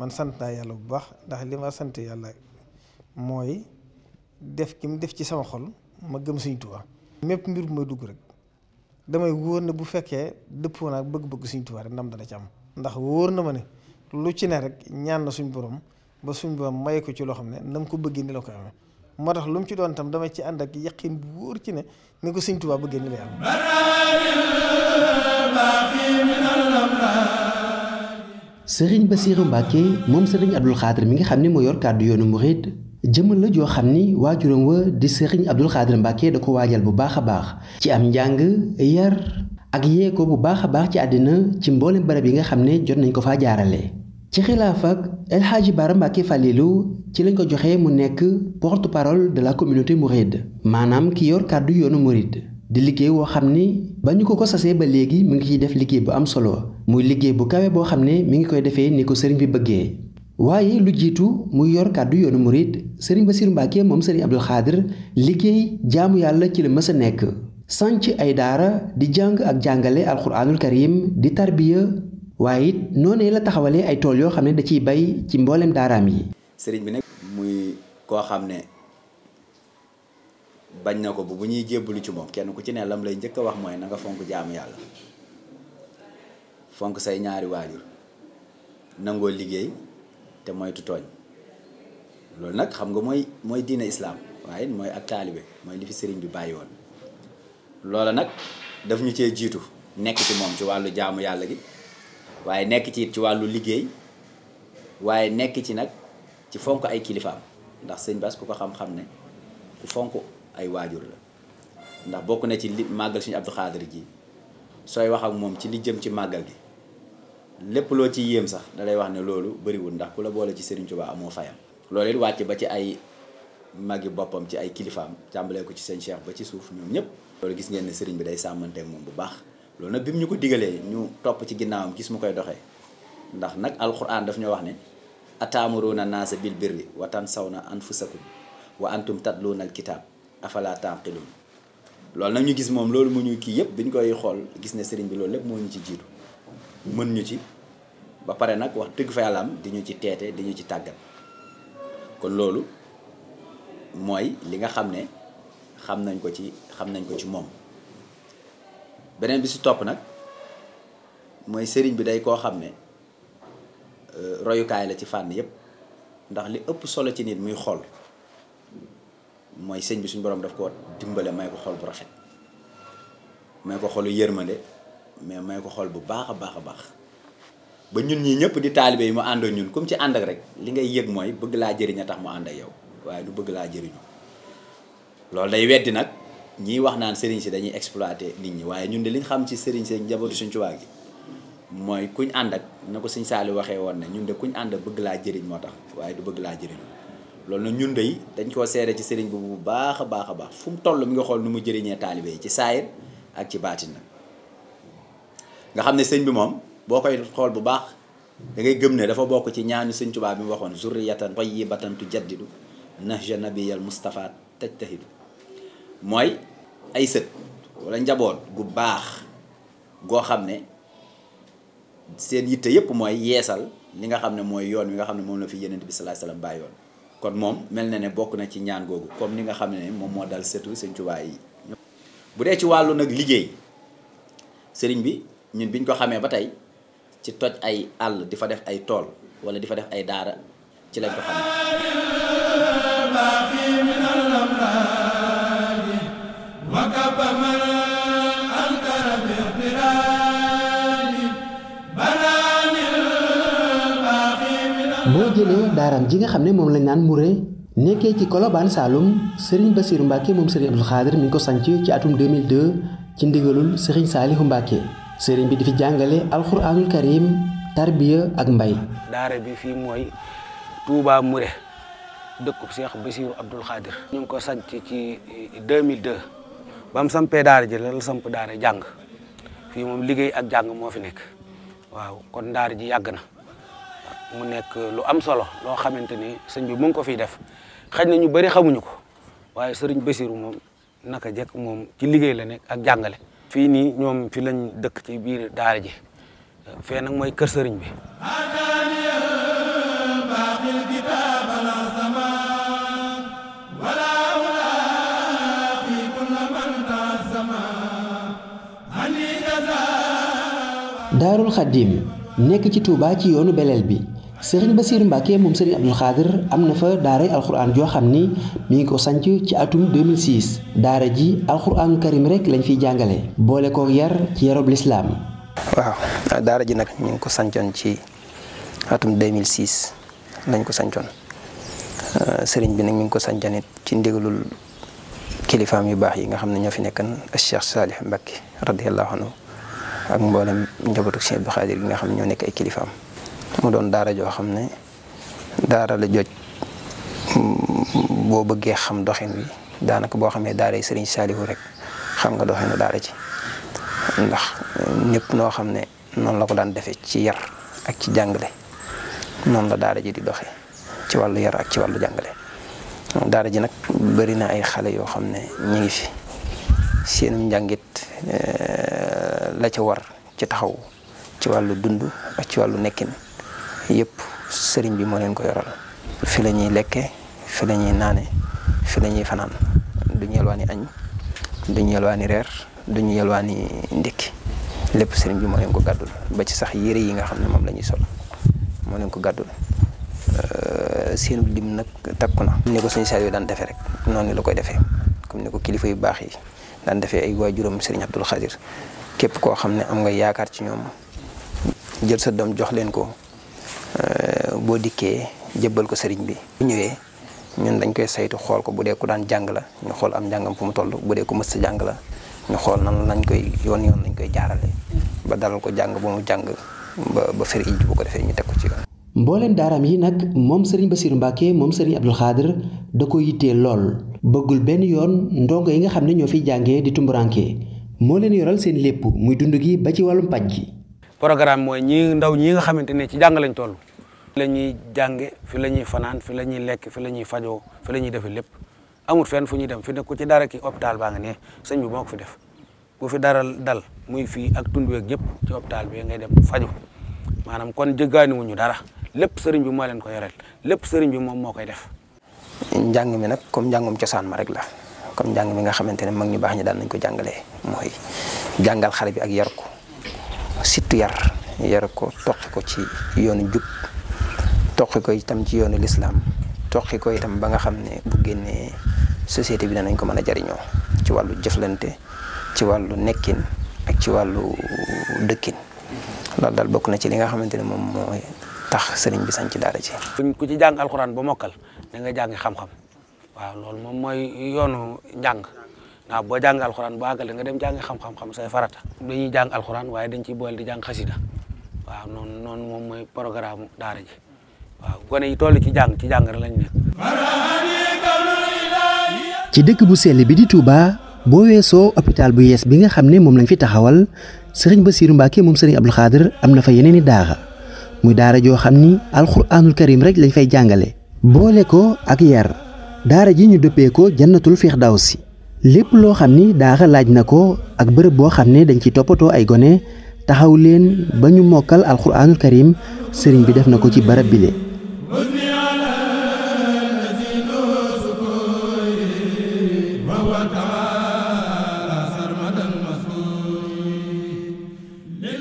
man sant naa yàlla bu baax ndax li ma sant yàlla mooy def ki mu def ci sama xol ma gëm Sëriñ Tuubaa mépp mbir bu ma dugg rek damay wóor ne bu fekkee dëppoo naa bëgg-bëgg Sëriñ Tuubaa rek ndam dana ci am ndax wóor na ma ne lu ci ne rek ñaan na suñu borom ba suñ borom maye ko ci loo xam ne na ko bëggee ni la ko amee moo tax lu mu ci doon tam damay ci ànd ak yaqin bu wóor ci ne ni ko Sëriñ Tuubaa bëggee ni lay am sëriñ Bassirou Mbacke moom sëriñ Abdou Khadr mi nga xam ne moo yor kàddu yoonu murid jëmal la joo xam ni waajuram wa di sëriñ Abdou Khadr Mbacke da ko waajal bu baax a baax ci am njàng yar ak yeeko bu baax a baax ci àddina ci mboolem barab yi nga xam ne jot nañ ko faa jaarale ci xilaaf ak El Hadji Bara Mbacke ci lañ ko joxee mu nekk porte-parole de la communauté mouride maanaam ki yor kàddu yoonu mouride di liggéey woo xam ni ba ñu ko ko sasee ba léegi mu ngi ciy def liggéey bu am solo muy liggéey bu kawe boo xam ne mi ngi koy defee ni ko sëriñ bi bëggee waaye lu jiitu muy yor kàddu yoonu murit sëriñ ba Mbacké moom sëriñ Abdou Khadre liggéey jaamu yàlla ci la mës a nekk sànc ay daara di jàng ak jàngale alxuraanul karim di tarbiya waaye it noonee la taxawalee ay tool yoo xam ne da ciy bay ci mbooleem daaraam yi sëriñ bi nag muy koo xam ne bañ na ko bu ñuy jébbalu ci moom kenn ku ci ne lam lay njëkk a wax mooy nanga fonk jaamu yàlla fonk say ñaari waajur nangoo liggéey te moytu tooñ loolu nag xam nga mooy mooy diine islaam waaye mooy ak taalibe mooy lifi fi sëriñ bi bàyyi woon loola nag daf ñu cee jiitu nekk ci moom ci wàllu jaamu yàlla gi waaye nekk ci it ci wàllu liggéey waaye nekk ci nag ci fonk ay kilifaam ndax sëñ Bass ku ko xam-xam ne ku fonk ay waajur la ndax bokk na ci li màggal suñu Abdou Khadir ji sooy wax ak moom ci li jëm ci màggal gi lépp loo ci yéem sax dalay wax ne loolu bëriwul ndax ku la boole ci Serigne Touba amoo fayam. loolu it wàcc ba ci ay magi boppam ci ay kilifaam tàmbalee ko ci seen Cheikh ba ci suuf ñoom ñëpp. loolu gis ngeen ne Serigne bi day sàmmanteeg moom bu baax loolu nag bi mu ñu ko digalee ñu topp ci ginnaawam gis mu koy doxee ndax nag alxuraan daf ñoo wax ne. ataamuruuna naasa bil birri wa tansawna anfusakum wa antum tatluuna alkitaab afala taqilun loolu nag ñu gis moom loolu mu ñu kii yëpp bi ñu koy xool gis ne sëriñ bi loolu lépp moo ñu ci jiitu mën ñu ci ba pare nag wax dëgg fa yàlla am di ñu ci teete di ñu ci tàggat kon loolu mooy li nga xam ne xam nañ ko ci xam nañ ko ci moom beneen bi si topp nag mooy sëriñ bi day koo xam ne euh, royukaay la ci fànn yëpp ndax li ëpp solo ci nit muy xool mooy sëñ bi suñu borom daf ko dimbale may ko xol bu rafet may ko xolu yërmande mais may ko xol bu baax a baax a baax ba ñun ñi ñëpp di taalibe yi mu àndoon ñun comme ci ànd ak rek li ngay yëg mooy bëgg laa jëriñ a tax mu ànd yow waaye du bëgg laa jëriñu loolu day weddi nag ñiy wax naan sëriñ si dañuy exploité nit ñi waaye ñun de liñ xam ci sëriñ si njabootu suñ Tuubaa gi mooy kuñ ànd ak na ko sëñ Saali waxee woon na ñun de kuñ ànd bëgg laa jëriñ moo tax waaye du bëgg laa jëriñu loolu nag ñun dey dañ koo seere ci sëriñ bi bu baax a baax a baax fu mu toll mi nga xool nu mu jëriñee taalibe yi ci saayir ak ci baatin na nga xam ne sëñ bi moom boo koy xool bu baax da ngay gëm ne dafa bokk ci ñaanu sëñ Tuubaa bi mu waxoon zurriyatan tayyibatan tujaddidu nahja nabiyal Mustafa tajtahidu mooy ay sët wala njaboot gu baax goo xam ne seen yitte yëpp mooy yeesal li nga xam ne mooy yoon wi nga xam ne moom la fi Yonent bi sallallahu alayhi wasallam bàyyoon kon moom mel na ne bokk na ci ñaan googu comme ni nga xam ne moom moo dal setu sëñ Tuubaa yi bu dee ci wàllu nag liggéey sëriñ bi ñun biñ ko xamee ba tey ci toj ay àll di fa def ay tool wala di fa def ay daara ci lañ ko xamee boo jëlee daaraam ji nga xam ne moom lañ naan Mouré nekkee ci Colobane Saloum Serigne Bassirou Mbacke moom Serigne Abdou Khadr mi ngi ko sanc ci atum 2002 ci ndigalul Serigne Salihu Mbacke Serigne bi di fi jàngale alxuraanul karim tarbiya ak mbay. daara bi fii mooy Touba Mouré dëkkub Cheikh Bassirou Abdou Khadr. ñu ngi ko sanc ci 2002 ba mu sampee daara ji la samp daara jàng fii moom liggéey ak jàng moo fi nekk waaw kon daara ji yàgg na. mu nekk lu am solo loo xamante ni sëñ bi mu ko fiy def xaj na ñu bëri xamuñu ko waaye sëriñ Bassirou moom naka jekk moom ci liggéey la nekk ak jàngale. fii nii ñoom fi lañ dëkk ci biir daara ji fee nag mooy kër sëriñ bi. daarul xaddim nekk ci Touba ci yoonu beleel bi sëriñ Bassirou Mbacke moom sëriñ Abdoul Khadir am na fa daaray alxuraan joo xam ni mi ngi ko sanc ci atum 2006 daara ji alxuraanu karim rek lañ fiy jàngale boole yar ci yarob waaw daara ji nag ñu ngi ko sancoon ci atum 2006 lañ ko sancoon euh, sëriñ bi nag mi ngi ko sancoon ci ndigalul kilifaam yu baax yi nga xam ne ñoo fi nekkan Cheikh Salih Mbacke radiyallahu anhu ak mboolem njabootu Cheikh Abdoul Khadir bi nga xam ne ñoo nekk ay kilifaam. mu doon daara joo xam ne daara la joj boo bëggee xam doxin wi daanaka boo xamee daara yi sëriñ Saalihu rek xam nga doxinu daara ci ndax ñëpp noo xam ne noonu la ko daan defee ci yar ak ci jàngale noonu la daara ji di doxee ci wàllu yar ak ci wàllu jàngale daara ji nag bëri na ay xale yoo xam ne ñu ngi fi seenum njàngit eh, la ca war ci taxaw ci wàllu dund ak ci wàllu nekkin yëpp sëriñ bi moo leen ko yoral fi lañuy ñuy lekke fi la ñuy naane fi la ñuy fanaan duñu yelwaani añ duñu yelwaani reer duñu yelwaani ndékki lépp sëriñ bi moo leen ko gàddul ba ci sax yére yi nga xam ne moom lañuy sol moo leen ko gàddul euh, seen lim nag takku na ni ko suñu saa yi daan defee rek noonu la koy defee comme ni ko kilifa yu baax yi daan defee ay waajuram sëriñ Abdul Xadir képp koo xam ne am nga yaakaar ci ñoom jël sa doom jox leen ko Euh, boo dikkee jëbbal ko sëriñ bi bu ñëwee ñun dañ koy saytu xool ko bu dee ku daan jàng la ñu xool am njàngam fu mu toll bu dee ku mës sa jàng la ñu xool nan lañ koy yoon yoon lañ koy jaarale ba dalal ko jàng ba mu jàng ba ba fer ij bu ko defee ñu teg ko ci yoon mbooleem daaraam yi nag moom sëriñ Bassirou Mbacke moom sëriñ Abdou Khadre da ko yittee lool bëggul benn yoon ndongo yi nga xam ne ñoo fiy jàngee di tumburanke moo leen yoral seen lépp muy dund gi ba ci wàllum paj gi programme mooy ñi ndaw ñi nga xamante ne ci jàng lañ toll. fi la ñuy jànge fi la ñuy fanaan fi la ñuy lekk fi la ñuy fajoo fi la ñuy defee lépp amul fenn fu ñuy dem fi ne ku ci dara ki hôpital baa ne sëñ bi moo ko fi def bu fi dara dal muy fii ak tund yëpp ci hôpital bi ngay dem faju maanaam kon jéggaani wuñu dara lépp sëriñ bi moo leen ko yoreel lépp sëriñ bi moom moo koy def. njàng mi nag comme njàngum cosaan ma rek la comme njàng mi nga xamante ne mag ñu baax ñi daan nañ ko jàngalee mooy jàngal xale bi ak yar surtout yar yar ko toqi ko ci yoonu jub toqi ko itam ci yoonu lislaam toqi ko itam ba nga xam ne bu génnee société bi nañ ko mën a jariñoo ci wàllu jëflante ci wàllu nekkin ak ci wàllu dëkkin loolu daal bokk na ci li nga xamante ne moom mooy tax sëriñ bi sañ ci daara ci ku ci jàng alxuraan ba mokkal da nga jàng xam-xam waaw loolu moom mooy yoonu njàng waaw boo jàng alxuraan ba àggale nga dem jàngi xam-xam-xam say farata dañuy jàng alxuraan waaye dañ ciy boole di jàng xasida waaw noonu noonu moom mooy programme daara ji waaw gone yi toll ci jàng ci jàng rek dëkk bu sell bi di tuuba boo weesoo hôpital bu yees bi nga xam ne moom lañ fi taxawal sëriñ ba Bassirou Mbacke moom sëriñ Abdou Khadre am na fa yeneen yeneeni daara muy daara joo xam ni alxuraanul karim rek lañ fay jàngale boole ko ak yar daara ji ñu dëppee ko jannatul firdawsi lépp loo xam ni daara laaj na ko ak bërëb boo xam ne dañ ci toppatoo ay gone taxaw leen ba ñu mokkal alxuraanul karim sëriñ bi def na ko ci barab bi bile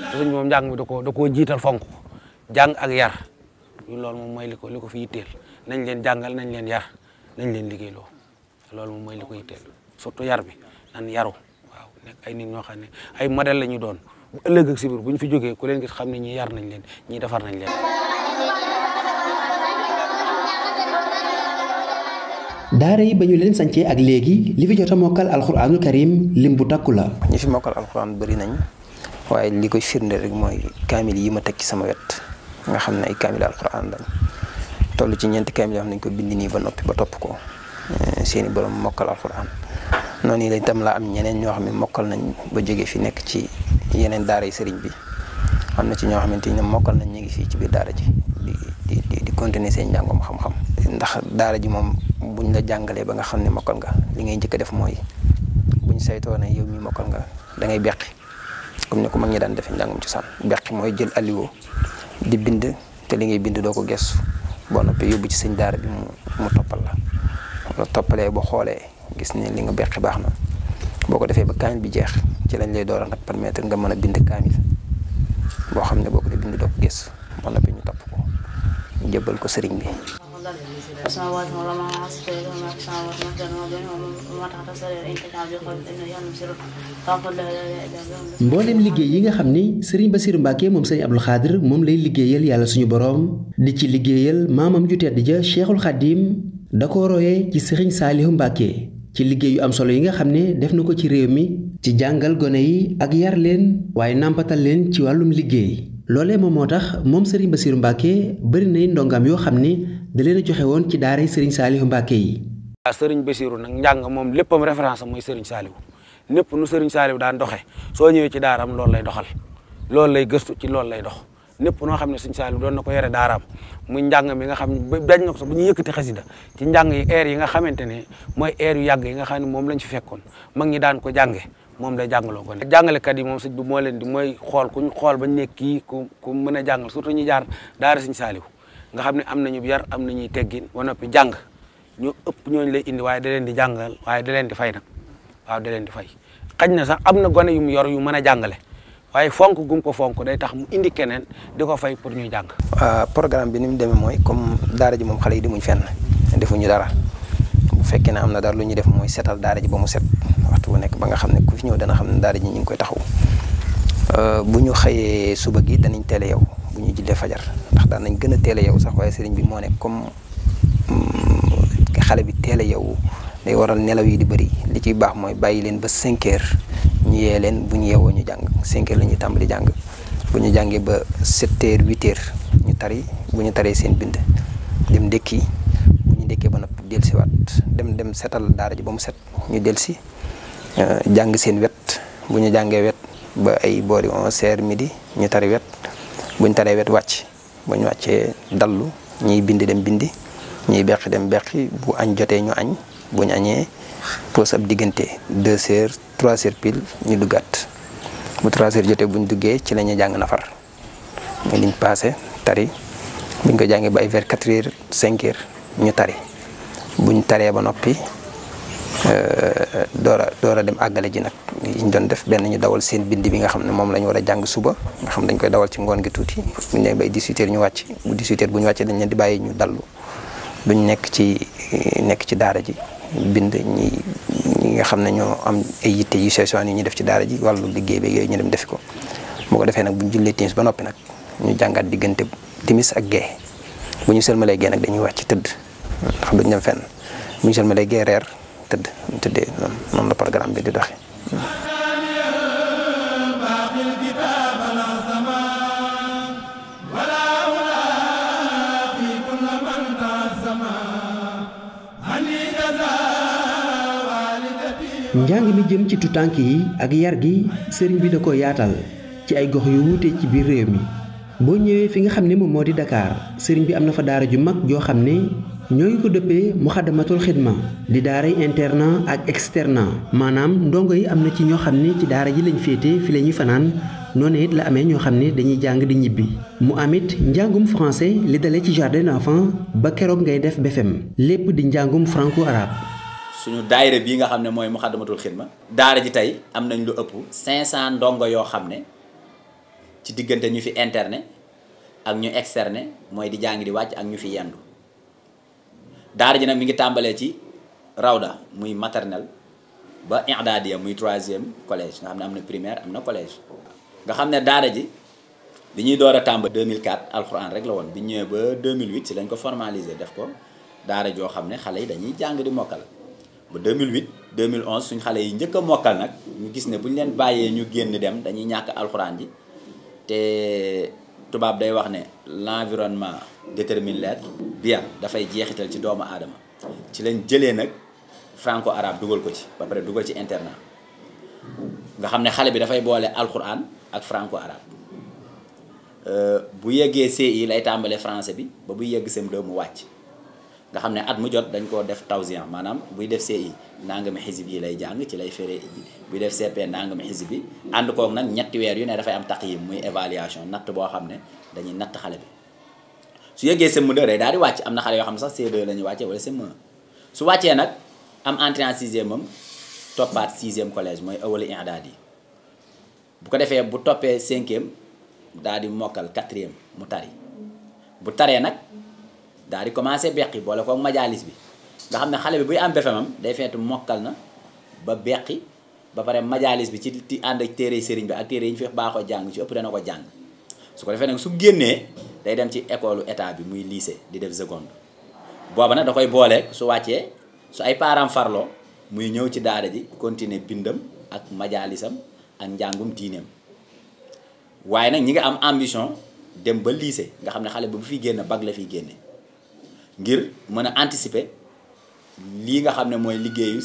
sëriñ moom njàng mi da koo da koo jiital fonk jàng ak yar loolu moom mooy li ko li ko fi yitteel nañ leen jàngal nañ leen yar nañ leen liggéeyloo loolu moom mooy li ko yitteel surtout yar bi nan yaru waaw ay nit ñoo xam ne ay modèle la doon bu ëllëg ak si bu ñu fi jógee ku leen gis xam ne ñi yar nañ leen ñi defar nañ leen. daara yi ba ñu leen sancee ak léegi li fi jot a mokkal alxuraanul karim lim bu takku la. ñu fi mokkal alxuraan bëri nañ waaye li koy firnde rek mooy kaamil yi ma teg ci sama wet nga xam ne ay kaamil alxuraan lañ toll ci ñeenti kaamil yoo xam ne dañ ko bind nii ba noppi ba topp ko. Eh, seeni borom mokkal alxuraan noonu la itam la am ñeneen ñoo xam ne mokkal nañ ba jóge fi nekk ci yeneen daara yi sëriñ bi am na ci ñoo xamante ne mokkal nañ ñu ngi fii ci biir daara ji di di di di continuer seen njàngoom xam-xam ndax daara ji moom buñ la jàngalee ba nga xam ne mokkal nga li ngay njëkk a def mooy buñ saytoo ne yow mi mokkal nga da ngay beqi comme ni ko mag ñi daan defee njàngum ci sànn beqi mooy jël alio di bind te li ngay bind doo ko gestu boo noppee yóbbu ci sëñ daara bi mu mu la la toppalee bu xoolee gis ne li nga beqi baax na boo ko defee ba kaamil bi jeex ci lañ lay door a nag nga mën a bind kaamil boo xam ne boo ko dee gis mën na ñu topp ko ko sëriñ bi sama moom la ma aspect moom liggéey yi nga xam ni Serigne Bassirou Mbacke moom Serigne Abdou Khadr moom lay liggéeyal yàlla suñu boroom di ci liggéeyal maamam ju tedd ja Cheikhul Khadim da ko royee ci sëriñ saalihu mbàkke ci liggéey yu am solo yi nga xam ne def na ko ci réew mi ci jàngal gone yi ak yar leen waaye nàmpatal leen ci wàllum liggéey loolee moom moo tax moom sëriñ Basiiru Mbàkke bëri nay ndongam yoo xam ne da leen a joxe woon ci daaray sëriñ saalihu mbàkke yi waaw sëriñ Basiiru nag njàng moom léppam référence mooy sëriñ saalihu népp nu sëriñ saalihu daan doxee soo ñëwee ci daaram loolu lay doxal loolu lay gëstu ci loolu lay dox népp noo xam ne suñ Saliou doon na ko yore daaraam muy njàng mi nga xam ne dañ na ko sax bu ñu yëkkati xasida ci njàng yi air yi nga xamante ne mooy air yu yàgg yi nga xam ne moom lañ ci fekkoon mag ñi daan ko jànge moom lay jàngaloo ko nekk jàngalekat yi moom sëñ bi moo leen di mooy xool kuñ xool bañ nekk kii ku mën a jàngal surtout ñu jaar daara suñ Saliou nga xam ne am nañu yar am nañuy teggin ba noppi jàng ñu ëpp ñooñu lay indi waaye da leen di jàngal waaye da leen di fay nag waaw da leen di fay xaj na sax am na gone yu mu yor yu mën a jàngale waaye fonk gum ko fonk day tax mu indi keneen di ko fay pour ñuy jàng. Ah, programme bi ni mu demee mooy comme daara ji moom xale yi demuñ fenn defuñu dara bu fekkee ne am na dara lu ñuy def mooy setal daara ji ba mu set waxtu bu nekk ba nga xam ne ku ñëw dana xam ne daara ji ñu ngi koy taxaw ah, bu ñu xëyee suba gi danañ teel a yow bu ñu jullee fajar ndax daan nañ gën a teel a yow sax waaye sëriñ bi moo nekk comme mm, xale bi teel a yow day waral nelaw yi di bëri li ciy baax mooy bàyyi leen ba 5 heures. ñu yee leen bu ñu yeewoo ñu jàng 5 heures la ñuy tàmbali jàng bu ñu jàngee ba 7 heures 8 ñu tari bu ñu taree seen bind dem ndékki bu ñu ndékkee ba noppi dellusiwaat dem dem setal daara ji ba mu set ñu dellusi euh, jàng seen wet bu ñu jàngee wet ba ay boori 11 heures midi ñu tari wet bu ñu taree wet wàcc bu ñu wàccee dallu ñuy bind dem bindi ñuy beqi dem beqi bu añ jotee ñu añ bu ñu añee pos ab diggante 2 heures. trois heures pile ñu duggaat bu trois jotee bu ñu duggee ci lañuy jàng nafar mooy liñ passé tari bu ñu ko jàngee ba ay vers quatre heures cinq heures ñu tari buñ taree ba noppi euh, door a door a dem àggale ji nag ñu doon def benn ñu dawal seen bind bi nga xam ne moom la ñu war a jàng suba nga xam dañ koy dawal ci ngoon gi tuuti bu ñu nee bay 18 ñu wàcc bu 18 heures bu ñu wàccee dañ leen di bàyyi ñu dallu duñ nekk ci nekk ci daara ji. bind ñi ñi nga xam ne ñoo am ay yitte yu sew sewaan yi ñu def ci daara ji wàllu liggéey bi yooyu ñu dem defi ko boo ko defee nag bu ñu jullee timis ba noppi nag ñu jàngaat diggante timis ak gee bu ñu sëlmalee gee nag dañuy wax ci tëdd ndax duñ dem fenn bu ñu sëlmalee gee reer tëdd tëddee noonu la programme bi di doxe njàng mi jëm ci tutànk yi ak yar gi sëriñ bi da ko yaatal ci ay gox yu wuutee ci biir réew mi boo ñëwee fi nga xam ni moom moo di dakaar sëriñ bi am na fa daara ju mag joo xam ne ñoo ngi ko dëppee muxaddamatul xidma di daaray internat ak externat maanaam ndongo yi am na ci ñoo xam ne ci daara ji lañ féete fi la ñuy fanaan noonu it la amee ñoo xam ne dañuy jàng di ñibbi mu am it njàngum français li dalee ci jardin d'enfants ba keroog ngay def BFEM lépp di njàngum franco arabe suñu daayira bii nga xam ne mooy Muxaddamatul Xidma daara ji tey am nañ lu ëpp cinq cent ndongo yoo xam ne ci diggante ñu fi interne ak ñu externe mooy di jàng di wàcc ak ñu fi yendu daara ji nag mu ngi tàmbalee ci rawda muy maternelle ba i'dadiya muy troisième collège nga xam ne am na primaire am na collège nga xam ne daara ji bi ñuy door a tàmba 2004 alxuraan rek la woon bi ñëwee ba 2008 si lañ ko formalisé def ko daara joo xam ne xale yi dañuy jàng di mokkal ba 2008 2011 suñ xale yi njëkk a mokkal nag ñu gis ne bu ñu leen bàyyee ñu génn dem dañuy ñàkk alxuraan ji te tubaab day wax ne l'environnement détermine l'être bien dafay jeexital ci doomu aadama ci lañ jëlee nag franco arabe dugal ko ci ba pare dugal ci internat nga xam ne xale bi dafay boole alxuraan ak franco arabe euh, bu yeggee CI lay tàmbalee français bi ba buy yegg sem 2 mu wàcc nga xam ne at mu jot dañ koo def tawsiyan maanaam buy def CI nangami xisib yi lay jàng ci lay fere buy def CP nangami xisib yi ànd koog nag ñetti weer yu ne dafay am taqyim muy évaluation natt boo xam ne dañuy natt xale bi su yëgee CM2 day daal di wàcc am na xale yoo xam ne sax CE2 la ñuy wàccee wala cm su wàccee nag am entrée en sixième am toppaat sixième collège mooy awali i'dad di bu ko defee bu toppee cinquième daal di mokkal quatrième mu tari taree nag daal di commencé beqi boole koog majaalis bi nga xam ne xale bi buy am befemam day fentu mokkal na ba beqi ba pare majaalis bi ci ci ànd ak téere sëriñ bi ak téere yi ñu jàng ci ëpp dana ko jàng su ko defee nag génnee day dem ci école état bi muy lycée di def seconde booba nag da koy booleeg su wàccee su ay parents farloo muy ñëw ci daara ji continuer bindam ak majaalisam ak njàngum diineem waaye nag ñi nga am ambition dem ba lycée nga xam ne xale bu fi génn bag la fiy génne ngir mën a anticiper lii nga xam ne mooy liggéeyu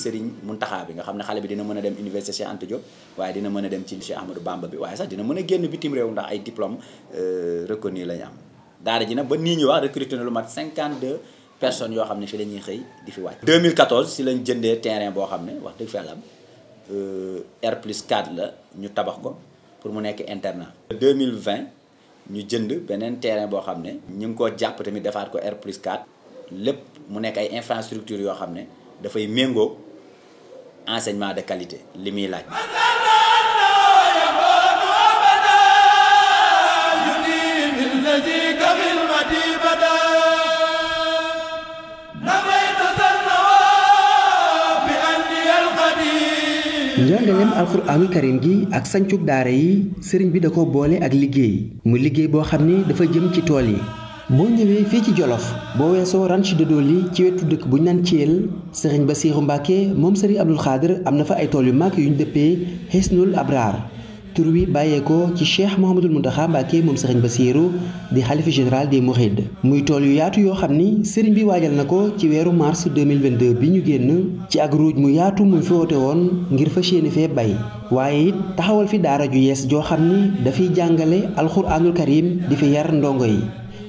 mun taxaa bi nga xam ne xale bi dina mën a dem université Cheikh Anta Diop waaye dina mën a dem ci Cheikh Ahmadou Bamba bi waaye sax dina mën a génn bitim réew ndax ay diplôme euh, reconnu lañu am daara ji nag ba nii ñu wax recruté na lu mat de personnes yoo xam ne fi la ñuy xëy di fi wàcc. 2014 si lañ jëndee terrain boo xam ne wax dëgg fa yàlla euh, R plus 4 la ñu tabax ko pour mu nekk internat. 2020 ñu jënd beneen terrain boo xam ne. ñu ngi koo jàpp tamit defaat ko R plus lépp mu nekk ay infrastructure yoo xam ne dafay méngoo enseignement de qualité li muy laaj njàngaleem alxuraanul karim gi ak sancug daara yi sëriñ bi da ko boole ak liggéey mu liggéey boo xam ne dafa jëm ci tool yi boo ñëwee fii ci Jolof boo weesoo ranch de Doli ci wetu dëkk bu ñu naan Thiel sëriñ Basiiru Mbàkke moom sëriñ Abdul Xaadir am na fa ay tool yu mag yu ñu dëppee Hisnul Abraar tur wi bàyyeekoo ci cheikh Mouhamadul Muntaxa Mbàkke moom sëriñ Basiiru di xalifa général des Mourides muy tool yu yaatu yoo xam ni sëriñ bi waajal na ko ci weeru mars 2022 bi ñu génn ci ak ruuj mu yaatu mu foote woon ngir fas yéene fee bay waaye it taxawal fi daara ju yees joo xam ni dafay jàngale alxuraanul karim di fi yar ndongo yi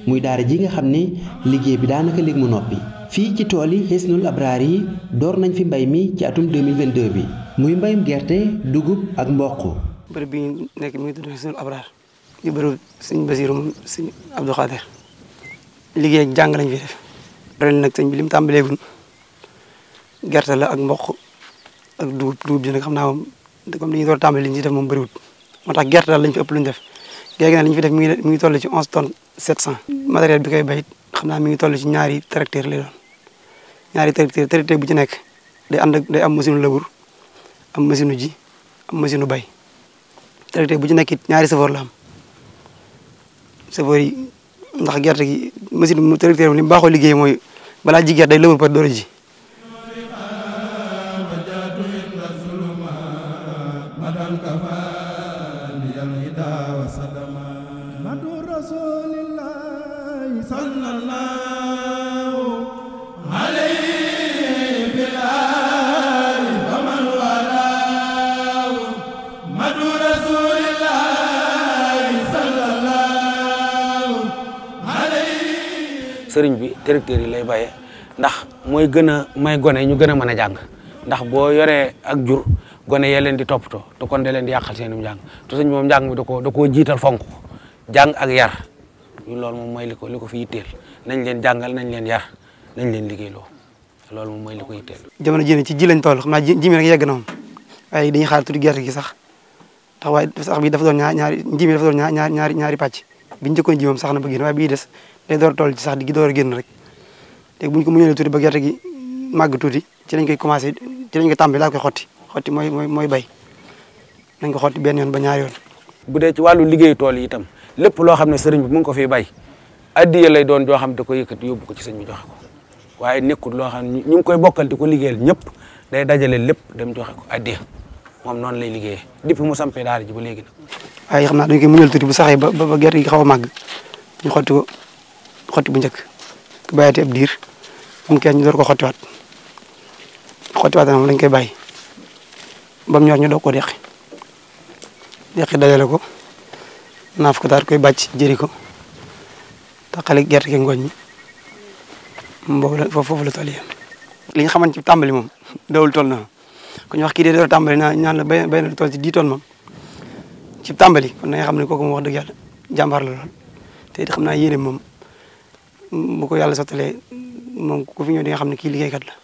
muy daara ji nga xam ni liggéey bi daanaka léegi mu noppi fii ci tool yi Hisnul Abraar yi door nañ fi mbay mi ci atum 2022 bi muy mbayum gerte dugub ak mboq. bi nekk mi ngi tudd Hisnul Abraar di bërëb sëñ sëñ Abdou Khader liggéey ak bi lim tàmbaleegul gerte la ak mboq ak dugub dugub ji nag xam naa moom comme li ñu door tàmbali li ñu ci def moom bëriwul moo tax gerte daal lañ fi ëpp lu def léegi nag li fi def mi ngi toll ci 11 tonnes. 700. matériel bi koy béy xam naa mi ngi toll ci ñaari tracteur lay doon ñaari tracteur tracteur bu ci nekk day ànd ak day am machine labour am machine ji am machine bay tracteur bu ci nekk it ñaari safoor la am safoor yi ndax gerte gi machine tracteur bi li mu baaxoo liggéey mooy balaa ji gerte day labour par door ji. sëriñ bi directeur yi lay bàyyee ndax mooy gën a may gone ñu gën a mën a jàng ndax boo yoree ak jur gone yee leen di toppatoo te kon da leen di yàqal seenum njàng te sëñ moom njàng mi da koo da koo jiital fonk jàng ak yar loolu moom mooy li ko ko fi yitteel nañ leen jàngal nañ leen yar nañ leen liggéeyloo loolu moom mooy li ko yitteel. jamono jii ci ji lañ toll naa ji mi yegg na moom waaye dañuy gerte gi sax tax waaye sax bi dafa doon ñaar ñaari ji ñaar ñaari ñaari pàcc bi ñu njëkkoon ji na ba génn waaye bii des day door toll ci digi di door a génn rek léegi bu ko muñalee tuuti ba gerte gi màgg tuuti ci lañ koy commencé ci lañ koy laa ko xotti xotti mooy mooy mooy bay nañ ko xotti benn yoon ba ñaari yoon bu dee ci wàllu liggéeyu tool yi itam lépp loo xam ne sëriñ bi mu ngi ko fiy bay addiya lay doon joo xam da ko yëkkati yóbbu ko ci sëñ bi joxe ko nekkul loo xam ne ñu ngi koy bokkal di ko liggéeyal ñëpp day dajale lépp dem joxe ko addiya moom noonu lay liggéeyee depuis mu sampee daara ji ba léegi nag. waaye xam naa dañ koy muñal tuuti bu saxee ba ba gerte gi xaw a màgg ñu xotti ko xotti bu njëkk ku bàyyati ab diir mu kenn ñu door ko xottiwaat xottiwaat moom lañ koy bàyyi ba mu ñu doog ko deqi deqi dajale ko naaf ko daal koy bàcc jëri ko taxale gerte ko ngooñ mi boobu la foofu la toll yem. li nga xamante ci tàmbali moom ku ñu wax kii dee door tàmbali naa ñaan la bay na tool ci dix moom ci tàmbali kon na xam ne kooku moom wax yàlla jàmbaar la lool te it xam moom bu ko yàlla sottalee moom ku fi nga xam ne kii liggéeykat la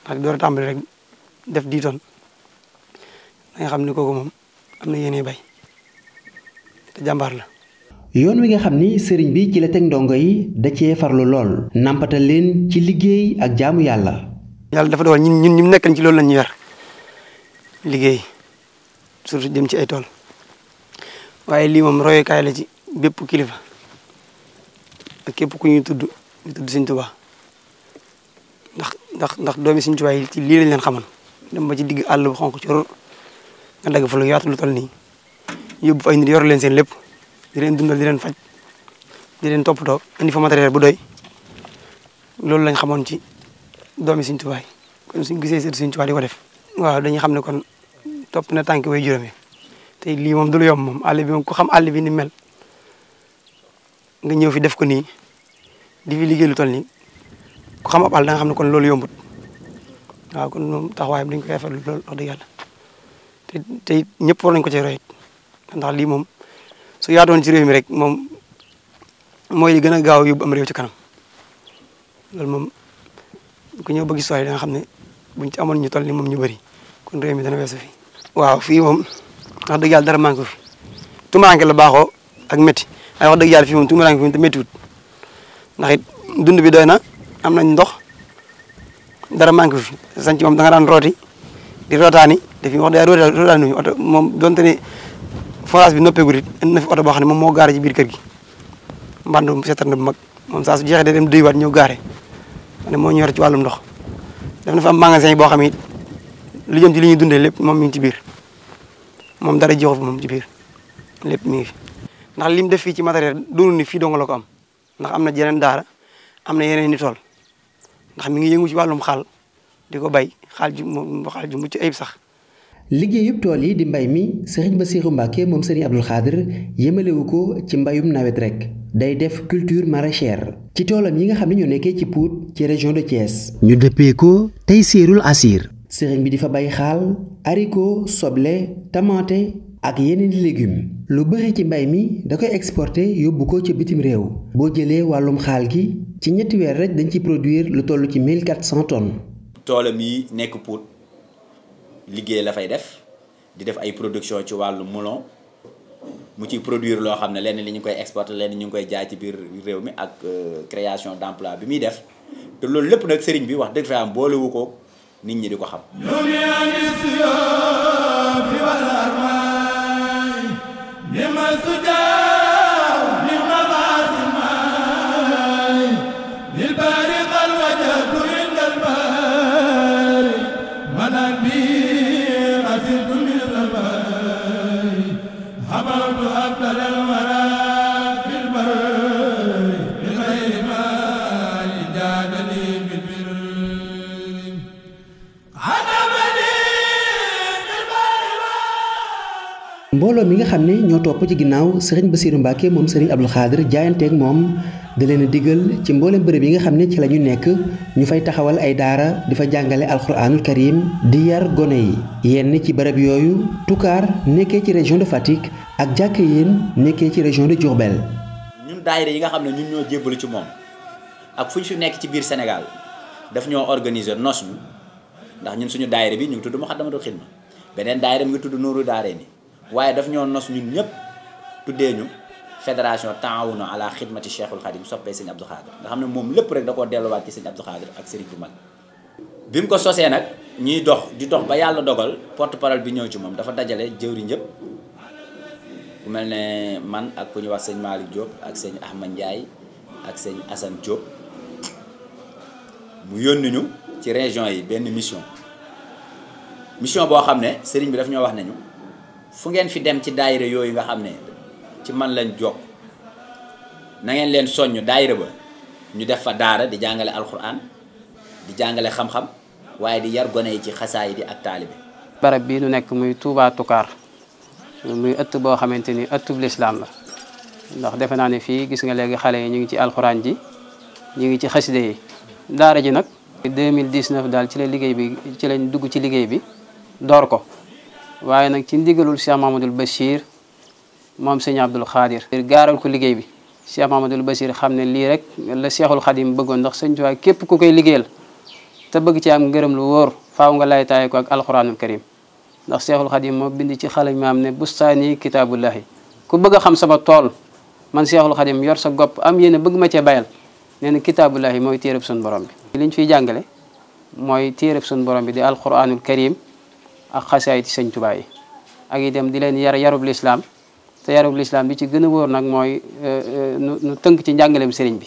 ndax door a rek def dix tonnes xam ne kooku moom am na yéene bay te jàmbaar la yoon wi nga xam ni sëriñ bi ci la teg ndongo yi da cee farlu lool nampatal leen ci liggéey ak jaamu yàlla yàlla dafa doon ñun ñun ñu nekk ci loolu la ñu yor liggéey surtout dem ci ay tool waaye lii moom royukaay la ci bépp kilifa ak képp ku ñuy tudd ñu tudd Sëñ Tuubaa ndax ndax ndax doomi Sëñ Tuubaa yi ci lii lañ leen xamoon dem ba ci digg àll bu xonk cor nga dagg fa lu yaatu lu toll nii yóbbu fa ay nit yor leen seen lépp di leen dundal di leen faj di leen toppatoo indi fa matériel bu doy loolu lañ xamoon ci doomi Sëriñ Tuubaa yi kon suñ gisee sët Sëriñ Tuubaa di ko def waaw dañuy xam ne kon topp na tànk way juróomi te lii moom du lu yomb moom àll bi ko xam àll bi ni mel nga ñëw fi def ko nii di fi liggéey lu toll nii ku xam ab àll da xam ne kon loolu yombut waaw kon moom taxawaayam dañ koy rafetlu loolu wax dëgg yàlla te ñëpp war nañ ko ci roy ndax lii moom su yaatoon ci réew mi rek moom mooy li gën a gaaw yóbbu am réew ci kanam loolu moom ku ñëw bëgg histoire yi da nga xam ne buñ ci amoon ñu tol ni moom ñu bari kon réew mi dana weesu fi waaw fii moom wax dëgg yàlla dara manqué fi tumaranke la baaxoo ak métti ay wax dëgg yàlla fii moom tumaranke fi mu ndax it dund bi doy na am nañ ndox dara manqué fi sanc moom da nga daan rooti di rootaani te fi wax dëgg yàlla rootaani ñu oto moom donte ne forage bi noppeegul it indi na fi oto boo xam ne moom moo gaare ci biir kër gi mbandu seetaan na bu mag moom saa su jeexee day dem déywaat ñëw gaare ma ne moo ñu ci wàllum ndox daf na fa am magasin boo xam it lu jëm ci li ñuy dundee lépp moom mi ngi ci biir moom dara joxu fi moom ci biir lépp mi ngi ndax li mu def fii ci matériel doonul ni fii dong la ko am ndax am na jeneen daara am na yeneen ni tool ndax mi ngi yëngu ci wàllum xaal di ko bay xaal ju xaal ju mucc ayib sax liggéey liggéeyub tool yi di mbay mi sëriñ Bassirou Mbacke moom sëriñ Abdou Khadr yemalewu ko ci mbayum nawet rek day def culture maraîchère ci toolam yi nga xam ne ñoo nekkee ci Pout ci région de Thiès. ñu dëppee ko tey séerul asir. sëriñ bi di fa bay xaal ariko soble tamaate ak yeneen légumes lu bëri ci mbay mi da koy exporter yóbbu ko ci bitim réew boo jëlee wàllum xaal gi ci ñetti weer rek dañ ci produir lu toll ci 1400 tonnes. toolam yi nekk Pout. liggéey la fay def di def ay production ci wàllu moulon mu ciy produire loo xam ne lenn li ñu koy exporter lenn ñu ngi koy jaay ci biir réew mi ak euh, création d'emploi bi muy def te loolu lépp nag sëriñ bi wax dëgg fa am boolewu ko nit ñi di ko xam. mbooloo mi nga xam ne ñoo topp ci ginnaaw sëriñ Bassirou Mbacke moom sëriñ Abdou Khadre jaayanteeg moom di leen a digal ci mboolem bërëb yi nga xam ne ci la ñu nekk ñu fay taxawal ay daara di fa jàngale alxuraanul karim di yar gone yi yenn ci barab yooyu Toucar nekkee ci région de Fatick ak jàkk yéen nekkee ci région de Diourbel. ñun daayira yi nga xam ne ñun ñoo jébbalu ci moom ak fu ñu fi nekk ci biir Sénégal daf ñoo organiser nos ñu ndax ñun suñu daayira bi ñu ngi tudd Muxaddamatul Xidma beneen daayira mi ngi tudd Nuuru Daarayni waaye daf ñoo nos ñun ñëpp tuddee ñu fédération taawuna ala xidmati cheikhul xadim soppee sëñ Abdou Khadre nga xam ne moom lépp rek da ko delluwaat ci sëñ Abdou Khadre ak sëriñ bu mag bi mu ko sosee nag ñuy dox di dox ba yàlla dogal porte parole bi ñëw ci moom dafa dajale jëwriñ yëpp ku mel ne man ak ku ñuy wax sëñ Malick Diop ak sëñ Ahmad Ndiaye ak sëñ Assane Diop mu yónni ñu ci région yi benn mission mission boo xam ne sëriñ bi daf ñoo wax nañu fu ngeen fi dem ci daayira yooyu nga xam ne ci man lañ jokk nangeen leen soññ daayira ba ñu def fa daara di jàngale alxuraan di jàngale xam-xam waaye di yar gone yi ci xasaay di ak taalibe barab bii nu nekk muy Touba Toucar muy ëtt boo xamante ni ëttub lislaam la ndax defe naa ne fii gis nga léegi xale yi ñu ngi ci alxuraan ji ñu ngi ci xaside yi daara ji nag 2019 daal ci leen liggéey bi ci lañ dugg ci liggéey bi door ko waaye nag ci ndigalul Cheikh Mahmadul Bachir moom sëñ Abdul Xaadir gaaral ko liggéey bi Cheikh Mahmadul Bachir xam ne lii rek la Cheikhul Xadim bëggoon ndax sëñ Tuubaa képp ku koy liggéeyal te bëgg ci am ngërëm lu wóor faaw nga laytaay ko ak alxuraanul karim ndax Cheikhul Xadim moo bind ci xalañ maam ne bustaani kitaabullahi ku bëgg xam sama tool man Cheikhul Xadim yor sa gopp am yéen bëgg ma cee bayal nee na kitaabullahi mooy téereb suñu borom bi liñ fiy jàngale mooy téereb suñu borom bi di alxuraanul karim ak xasaayiti sëñ Tuubaa yi ak itam di leen yar yarub lislaam te yarub lislaam bi ci gën a wóor nag mooy eh, eh, nu tënk ci njàngaleem sëriñ bi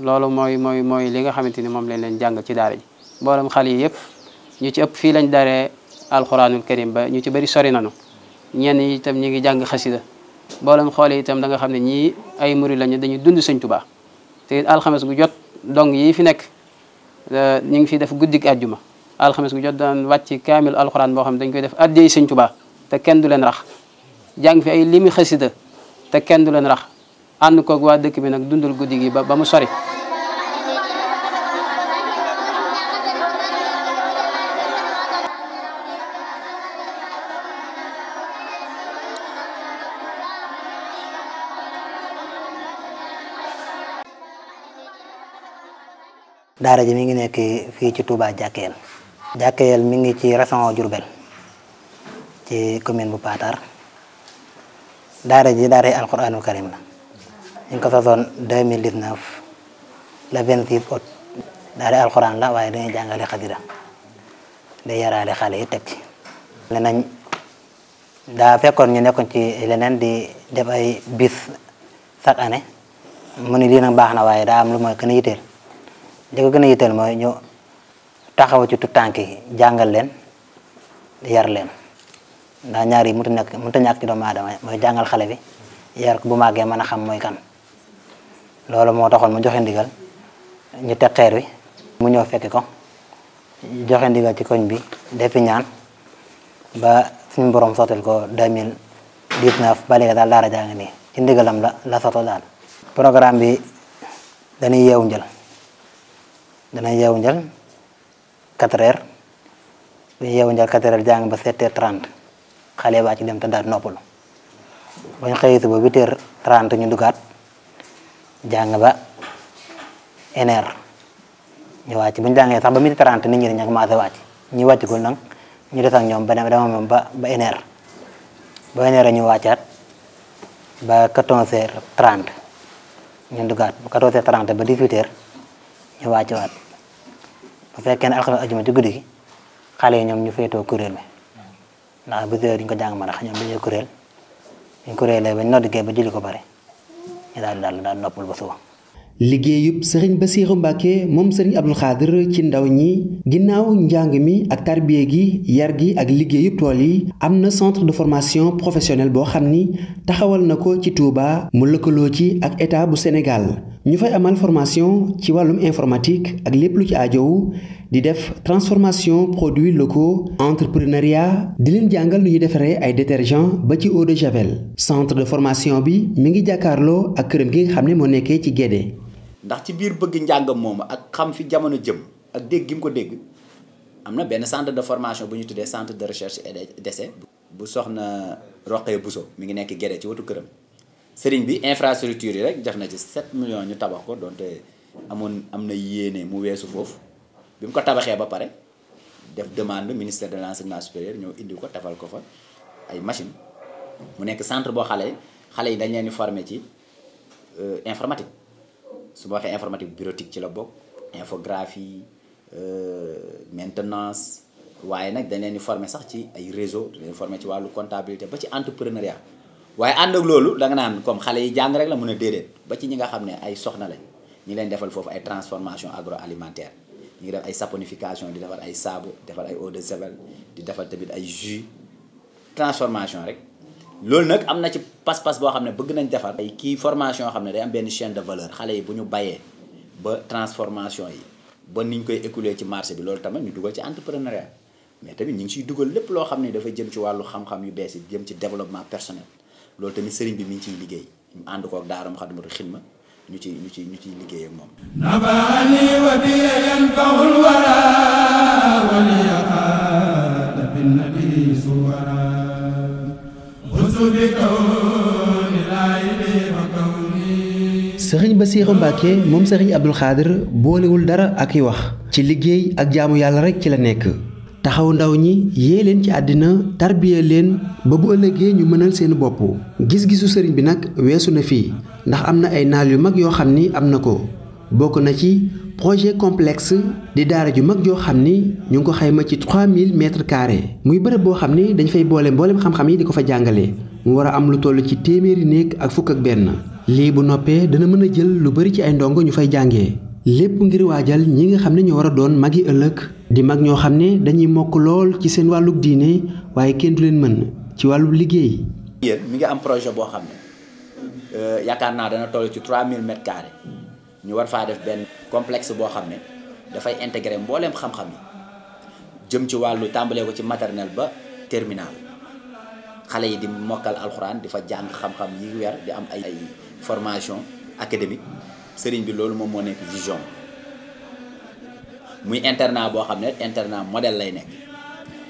loolu mooy mooy mooy li nga xamante ni moom lañ leen jàng ci daara ji mboolem xal yi yëpp ñu ci ëpp fii lañ daree alxuraanul karim ba ñu ci bëri sori nanu ñenn yi itam ñu ngi jàng xasida mboolem xoole itam da nga xam ne ñii ay murid lañu dañuy dund sëñ tubaa te alxames gu jot dong yi fi nekk eh, ñu ngi fi def guddik àjjuma alxames gu jot daan wàcc kaamil alxuraan boo xam ne dañ koy def addiyey sëñ Tuubaa te kenn du leen rax jàng fi ay limi xasida te kenn du leen rax ànd koog waa dëkk bi nag dundal guddi gi ba ba mu sori daara ji mi ngi nekk fii ci Touba Diakeen jàkkayel mi ngi ci région Diourbel ci commune bu Paatar daara ji daara alquranul karim la ñu ngi ko sosoon 2019 le 26 août daara alquran la waaye dañuy jàngale xasida day yaraale xale yi teg ci lenañ daa fekkoon ñu nekkoon ci leneen di def ay bis chaque année mu ni lii nag baax na waaye daa am lu ma gën a yitteel li ko gën yitteel mooy taxaw ci tutànk yi jàngal leen yar leen ndax ñaar yi mënut a nekk mënut a ñàkk ci doomu aadama mooy jàngal xale bi yar ko bu màggee mën a xam mooy kan loolu moo taxoon mu joxe ndigal ñu teg xeer wi mu ñëw fekki ko joxe ndigal ci koñ bi defi ñaan ba suñu borom sottil ko 2019 ba léegi daal daara jaa ngi nii ci ndigalam la la soto daal programme bi dañuy yeewu njël dañuy yeewu njël quatre heures bu ñu yeewu njël quatre heures jàng ba set heures trente xale baa ci dem te daal noppalu ba ñu xëyee suba huit heures trente ñu dugaat jàng ba une ñu wàcc bu ñu jàngee sax ba midi trente nit ñi dañu commencé wàcc ñu wàccagul nag ñu des ak ñoom ba dama ba ba une heure ba une heure ñu wàccaat ba quatorze heures trente ñu dugaat ba quatorze heures ba dix huit heures ñu wàccuwaat. bu fekkee ne alxames ajuma ci guddi xale yi ñoom ñu féetoo kuréel bi ndax bu dee duñ ko jàng mën a ñoom dañuy kuréel duñ kuréelee ba ñu noddee ba julli ko bare ñu daal di daal daal noppal ba suba. liggéeyub sëriñ Bassirou Mbacke moom sëriñ Abdou Khadr ci ndaw ñi ginnaaw njàng mi ak tarbiye gi yar gi ak liggéeyub tool yi am na centre de formation professionnelle boo xam ni taxawal na ko ci Touba mu lëkkaloo ci ak état bu Sénégal ñu fay amal formation ci wàllum informatique ak lépp lu ci ajowu di def transformation produits locaux entrepreneuriat di leen jàngal lu ñuy defaree ay détergent ba ci eau de javel centre de formation bi mu ngi jàkkaarloo ak këram gi nga xam ne moo nekkee ci Guédé ndax ci biir bëgg njàngam moomu ak xam fi jamono jëm ak dégg gi mu ko dégg am na benn centre de formation bu ñu tuddee centre de recherche et d'essai bu soxna Roqee Bousso mi ngi nekk Guédé ci wetu këram sëriñ bi infrastructure yi rek def na ci 7 million ñu tabax ko donte amoon am na yéene mu weesu foofu bi mu ko tabaxee ba pare def demande ministère de l'enseignement supérieur ñoo indi ko tafal ko fa ay machine mu nekk centre boo xale xale yi dañ leen di former ci euh, informatique su ma waxee informatique bureautique ci la bokk infographie euh, maintenance waaye nag dañ leen di former sax ci ay réseau dañ leen former ci wàllu comptabilité ba ci entrepreneuriat waaye ànd ak loolu da nga naan comme xale yi jàng rek la mën a déedéet ba ci ñi nga xam ne ay soxna lañ ñi leen defal foofu ay transformation agroalimentaire ñu ngi def ay saponification di defal ay saabu defar ay eau de javel di defar tamit ay jus transformation rek loolu nag am na ci pas-pas boo xam ne bëgg nañ defar ay kii formation oo xam ne day am benn chaîne de valeur xale yi bu ñu bayee ba transformation yi ba niñ koy écouler ci marché bi loolu tamit ñu dugal ci entrepreneuriat mais tamit ñu ngi ciy dugal lépp loo xam ne dafa jëm ci wàllu xam-xam yu bees yi jëm ci développement personnel loolu tamit sëriñ bi mi ngi ciy liggéey ñu ànd kook daaram xadumatu xidma ñu ci ñu ci ñu ciy liggéey moom nabaani wa biya wa ba Bassirou Mbacké moom sëriñ Abdou Khadr boolewul dara ak wax ci liggéey ak jaamu yàlla rekk ci la nekk taxaw ndaw ñi yee leen ci àddina tarbiya leen ba bu ëllëgee ñu mënal seen bopp gis-gisu sëriñ bi nag weesu na fii ndax am na ay naal yu mag yoo xam ni am na ko bokk na ci projet complexe di daara ju mag joo xam ni ñu ngi ko xayma ci 3000 mètres carrés muy bërëb boo xam ni dañ fay boole mbooleem xam-xam yi di ko fa jàngale mu war a am lu toll ci téeméeri néeg ak fukk ak benn lii bu noppee dana mën a jël lu bari ci ay ndongo ñu fay jàngee lépp ngir waajal ñi nga xam ne ñoo war a doon mag magi ëllëg di mag ñoo xam ne dañuy mokk lool ci seen wàllug diine waaye kenn du leen mën ci wàllu liggéey. yéen mi ngi am projet boo xam ne euh, yaakaar naa dana toll ci 3000 mètres carrés ñu war faa def benn complexe boo xam ne dafay intégré mbooleem xam-xam yi jëm ci wàllu tàmbalee ko ci maternelle ba terminale xale yi di mokkal alxuraan di fa jàng xam-xam yi weer di am ay formation académique sëriñ bi loolu moom moo nekk vision muy internat boo xam ne internat modèle lay nekk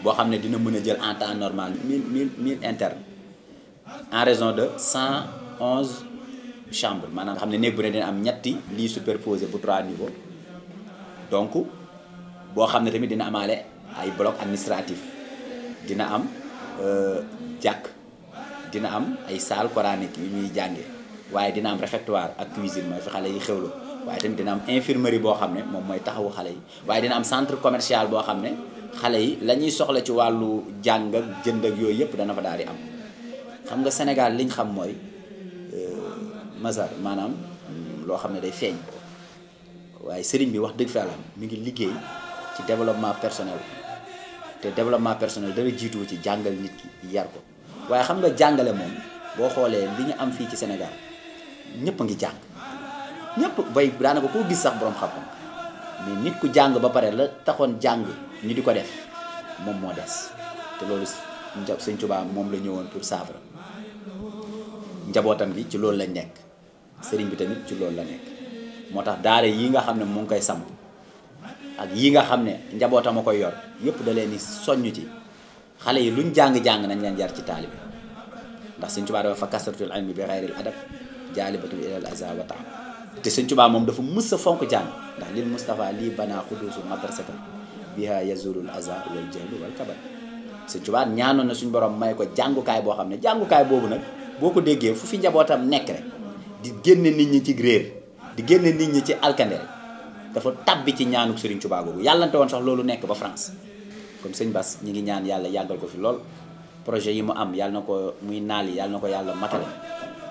boo xam ne dina mën a jël en temps normal mil mille mille interne en raison de cent onze chambres maanaam nga xam ne néeg bu ne dina am ñetti lits superposés bu trois niveaux donc boo xam ne tamit dina amaale ay bloc administratif dina am Euh, jàkk dina am ay salle coranique yu ñuy jànge waaye dina am réfectoire ak cuisine mooy fi xale yi xewlu waaye tamit dina am infirmerie boo xam ne moom mooy taxawu xale yi waaye dina am centre commercial boo xam ne xale yi la ñuy soxla ci wàllu jàng ak jënd ak yooyu yëpp dana fa daal di am xam nga Sénégal liñ xam mooy euh, masar maanaam mm, loo xam ne day feeñ waaye sëriñ bi wax dëgg fa la mi ngi liggéey ci développement personnel te développement personnel dara jiitu ci jàngal nit ki yar ko waaye xam nga jàngale moom boo xoolee li ñu am fii ci Sénégal ñëpp a ngi jàng ñëpp bay daanaka koo gis sax borom xam-xam mais nit ku jàng ba pare la taxoon jàng ñu di ko def moom moo des te loolu sëñ Tuubaa moom la ñëwoon pour saafara njabootam gi ci loolu lañ nekk sëriñ bi tamit ci loolu la nekk moo tax daara yi nga xam ne mu ngi koy samp ak yii nga xam ne njabootam a koy yor yëpp da leen di soññ ci xale yi luñ jàng-jàng nañ leen yar ci taalibe ndax Sëñ Tuubaa dafa fa kasratul ilmi bi xayril adab jaalibatun ilal aza wa taam te Sëñ Tuubaa moom dafa mës a fonk jàng ndax lil Moustapha lii bana xuduusu madrasata biha yazulul aza wal jahlu wal kabar Sëñ Tuubaa ñaanoon na suñ borom may ko jàngukaay boo xam ne jàngukaay boobu nag boo ko déggee fu fi njabootam nekk rek di génne nit ñi ci réer di génne nit ñi ci alkande dafa tabbi ci ñaanu Serigne Touba googu yàllante woon sax loolu nekk ba France comme sëñ Bass ñi ngi ñaan yàlla yàggal ko fi lool projet yi mu am yàlla na ko muy naal yi yàlla na ko yàlla matale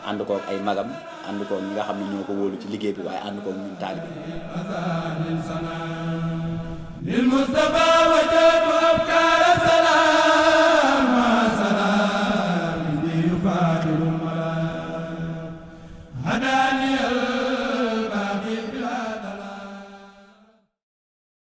ànd kook ay magam ànd kook ñi nga xam ne ñoo ko wóolu ci liggéey bi waaye ànd kook ñun taalibe bi lil Mustafa wajatu abkar salam